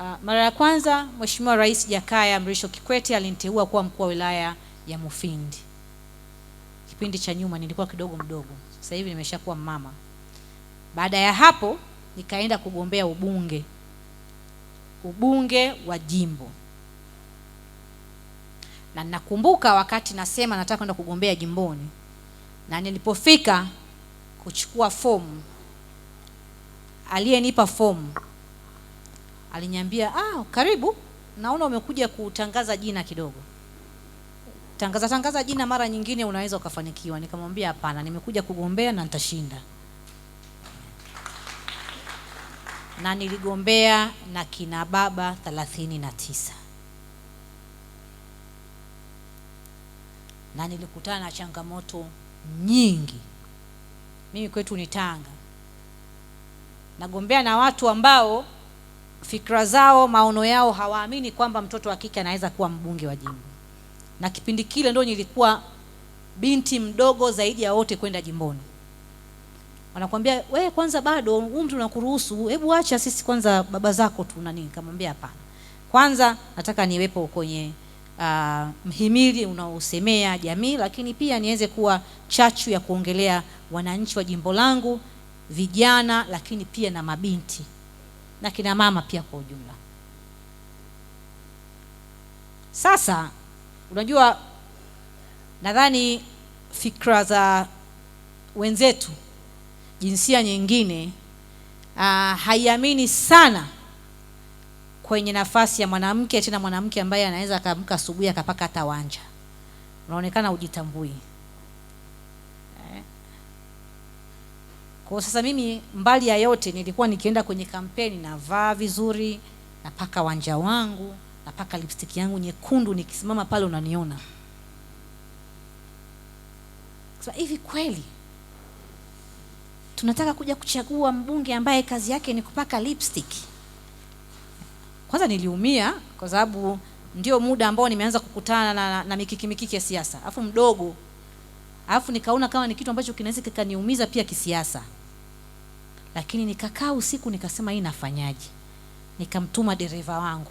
Ah, mara ya kwanza Mheshimiwa Rais Jakaya Mrisho Kikwete aliniteua kuwa mkuu wa wilaya ya Mufindi. Kipindi cha nyuma nilikuwa kidogo mdogo, sasa hivi nimeshakuwa mama. Baada ya hapo nikaenda kugombea ubunge, ubunge wa jimbo, na nakumbuka wakati nasema nataka kwenda kugombea jimboni, na nilipofika kuchukua fomu, aliyenipa fomu aliniambia ah, karibu, naona umekuja kutangaza jina kidogo, tangaza tangaza jina, mara nyingine unaweza ukafanikiwa. Nikamwambia hapana, nimekuja kugombea na nitashinda, na niligombea na kina baba thelathini na tisa na nilikutana na changamoto nyingi. Mimi kwetu ni Tanga, nagombea na watu ambao fikra zao, maono yao, hawaamini kwamba mtoto wa kike anaweza kuwa mbunge wa jimbo. Na kipindi kile ndo nilikuwa binti mdogo zaidi ya wote kwenda jimboni. Wanakwambia we, kwanza bado umri unakuruhusu, hebu acha sisi kwanza baba zako tu na nini. Kamwambia hapana, kwanza nataka niwepo kwenye uh, mhimili unaosemea jamii, lakini pia niweze kuwa chachu ya kuongelea wananchi wa jimbo langu, vijana, lakini pia na mabinti na kina mama pia kwa ujumla. Sasa unajua, nadhani fikra za wenzetu jinsia nyingine uh, haiamini sana kwenye nafasi ya mwanamke, tena mwanamke ambaye anaweza akaamka asubuhi akapaka hata wanja, unaonekana ujitambui Kwa sasa mimi mbali ya yote nilikuwa nikienda kwenye kampeni navaa vizuri, napaka wanja wangu, napaka lipstick yangu nyekundu, nikisimama pale unaniona. Sasa hivi kweli tunataka kuja kuchagua mbunge ambaye kazi yake ni kupaka lipstick? Kwanza niliumia kwa sababu ndio muda ambao nimeanza kukutana na, na, na mikiki mikiki ya siasa, alafu mdogo, alafu nikaona kama ni kitu ambacho kinaweza kikaniumiza pia kisiasa lakini nikakaa usiku nikasema, hii nafanyaje? Nikamtuma dereva wangu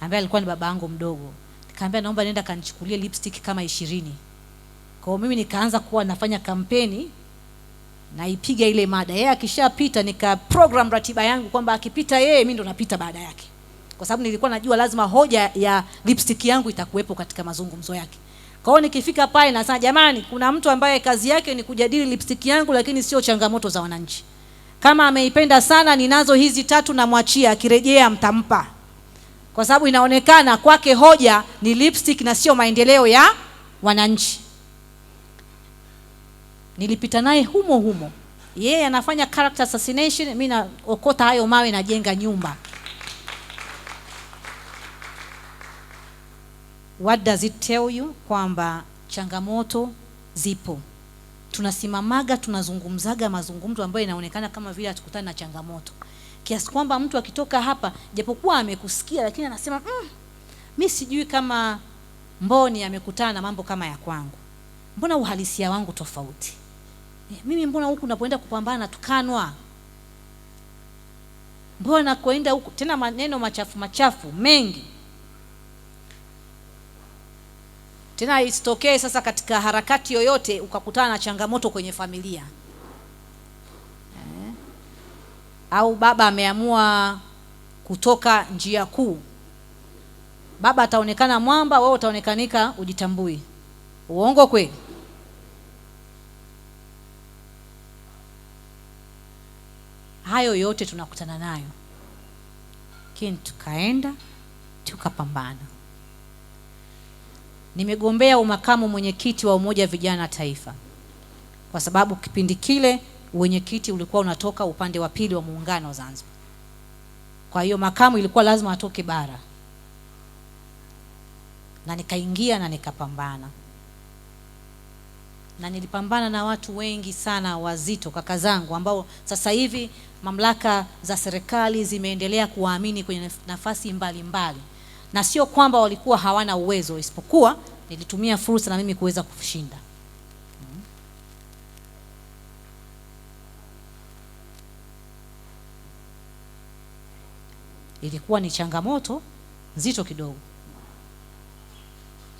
ambaye alikuwa ni baba yangu mdogo, nikamwambia naomba nenda kanichukulie lipstick kama ishirini. Kwa hiyo mimi nikaanza kuwa nafanya kampeni naipiga ile mada, yeye akishapita nika program ratiba yangu kwamba akipita yeye mimi ndo napita baada yake, kwa sababu nilikuwa najua lazima hoja ya lipstick yangu itakuwepo katika mazungumzo yake. Kwa hiyo nikifika pale na jamani, kuna mtu ambaye kazi yake ni kujadili lipstick yangu, lakini sio changamoto za wananchi. Kama ameipenda sana, ninazo hizi tatu, namwachia, akirejea mtampa, kwa sababu inaonekana kwake hoja ni lipstick na sio maendeleo ya wananchi. Nilipita naye humo humo, yeye yeah, anafanya character assassination, mimi naokota hayo mawe, najenga nyumba. What does it tell you? Kwamba changamoto zipo tunasimamaga tunazungumzaga mazungumzo ambayo inaonekana kama vile hatukutani na changamoto, kiasi kwamba mtu akitoka hapa, japokuwa amekusikia, lakini anasema mm, mi sijui kama Mboni amekutana na mambo kama ya kwangu, mbona uhalisia wangu tofauti eh, mimi, mbona huku napoenda kupambana natukanwa, mbona kuenda huku tena maneno machafu machafu mengi Tena isitokee sasa katika harakati yoyote ukakutana na changamoto kwenye familia eh, au baba ameamua kutoka njia kuu, baba ataonekana mwamba, wewe utaonekanika ujitambui. Uongo kweli? Hayo yote tunakutana nayo, lakini tukaenda tukapambana nimegombea umakamu mwenyekiti wa umoja vijana taifa, kwa sababu kipindi kile uwenyekiti ulikuwa unatoka upande wa pili wa muungano wa Zanzibar. Kwa hiyo makamu ilikuwa lazima atoke bara, na nikaingia na nikapambana, na nilipambana na watu wengi sana wazito, kaka zangu ambao sasa hivi mamlaka za serikali zimeendelea kuwaamini kwenye nafasi mbalimbali mbali na sio kwamba walikuwa hawana uwezo, isipokuwa nilitumia fursa na mimi kuweza kushinda. Ilikuwa ni changamoto nzito kidogo,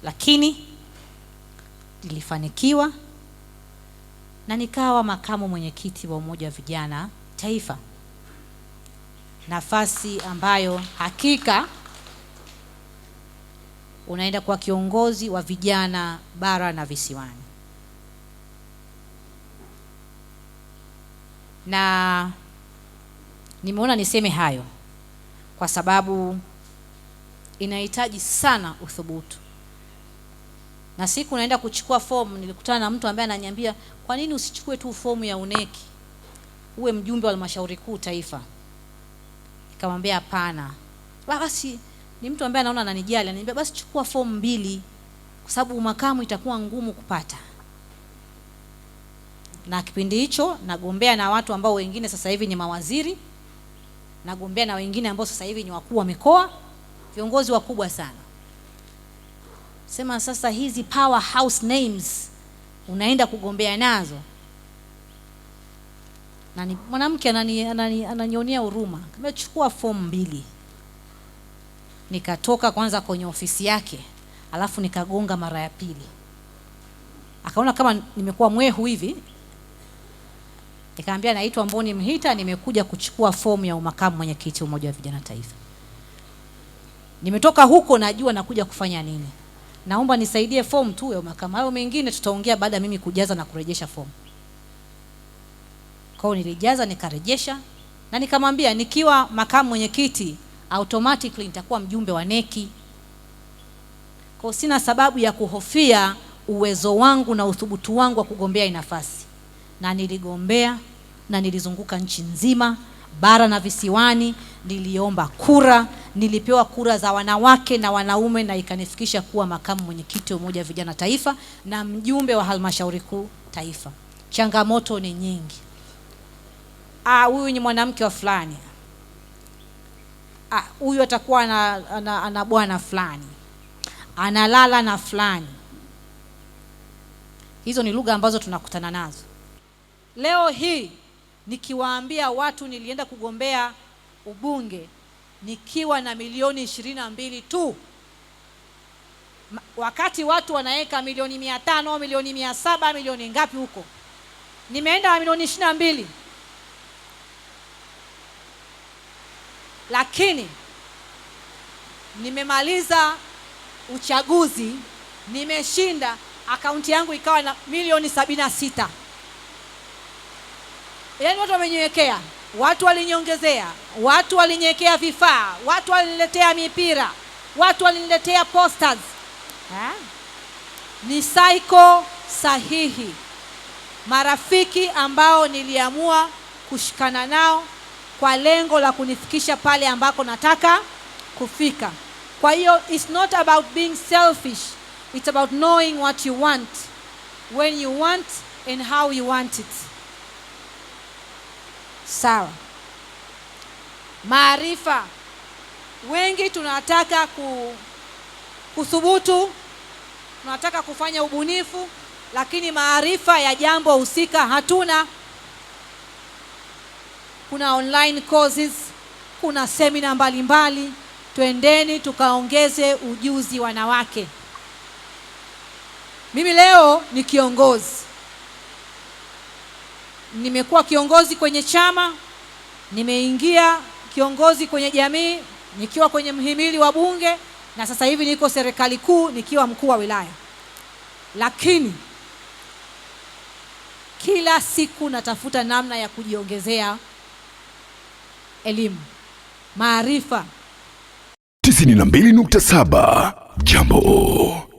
lakini nilifanikiwa na nikawa makamu mwenyekiti wa umoja wa vijana taifa, nafasi ambayo hakika unaenda kwa kiongozi wa vijana bara na visiwani, na nimeona niseme hayo kwa sababu inahitaji sana uthubutu. Na siku naenda kuchukua fomu, nilikutana na mtu ambaye ananiambia, kwa nini usichukue tu fomu ya uneki uwe mjumbe wa halmashauri kuu taifa? Nikamwambia hapana, basi ni mtu ambaye anaona ananijali, ananiambia basi chukua fomu mbili, kwa sababu makamu itakuwa ngumu kupata. Na kipindi hicho nagombea na watu ambao wengine sasa hivi ni mawaziri, nagombea na wengine ambao sasa hivi ni wakuu wa mikoa, viongozi wakubwa sana. Sema sasa hizi powerhouse names unaenda kugombea nazo na mwanamke ananionea huruma, kama chukua fomu mbili nikatoka kwanza kwenye ofisi yake, alafu nikagonga mara ya pili, akaona kama nimekuwa mwehu hivi, nikaambia naitwa Mboni Mhita, nimekuja kuchukua fomu ya umakamu mwenyekiti umoja wa vijana taifa. Nimetoka huko najua nakuja kufanya nini, naomba nisaidie fomu tu ya umakamu, hayo mengine tutaongea baada ya mimi kujaza na kurejesha fomu. Kwa hiyo nilijaza nikarejesha, na nikamwambia nikiwa makamu mwenyekiti automatically nitakuwa mjumbe wa neki. Kwa sina sababu ya kuhofia uwezo wangu na uthubutu wangu wa kugombea nafasi, na niligombea na nilizunguka nchi nzima bara na visiwani, niliomba kura, nilipewa kura za wanawake na wanaume, na ikanifikisha kuwa makamu mwenyekiti wa Umoja wa Vijana Taifa na mjumbe wa halmashauri kuu taifa. Changamoto ni nyingi. Ah, huyu ni mwanamke wa fulani Ah, huyu atakuwa ana bwana fulani, analala na fulani. Hizo ni lugha ambazo tunakutana nazo leo hii. Nikiwaambia watu nilienda kugombea ubunge nikiwa na milioni ishirini na mbili tu, wakati watu wanaweka milioni mia tano, milioni mia saba, milioni ngapi huko, nimeenda na milioni ishirini na mbili. Lakini nimemaliza uchaguzi, nimeshinda, akaunti yangu ikawa na milioni sabini na sita. Yaani watu wameniwekea, watu waliniongezea, watu waliniwekea vifaa, watu waliniletea mipira, watu waliniletea posters ha? Ni saiko sahihi, marafiki ambao niliamua kushikana nao kwa lengo la kunifikisha pale ambako nataka kufika. Kwa hiyo it's not about being selfish, it's about knowing what you want, when you want and how you want it. Sawa. Maarifa. Wengi tunataka ku, kuthubutu, tunataka kufanya ubunifu, lakini maarifa ya jambo husika hatuna kuna online courses, kuna semina mbalimbali. Twendeni tukaongeze ujuzi wanawake. Mimi leo ni kiongozi, nimekuwa kiongozi kwenye chama, nimeingia kiongozi kwenye jamii nikiwa kwenye mhimili wa Bunge, na sasa hivi niko serikali kuu nikiwa mkuu wa wilaya. Lakini kila siku natafuta namna ya kujiongezea elimu, maarifa. 92.7 Jambo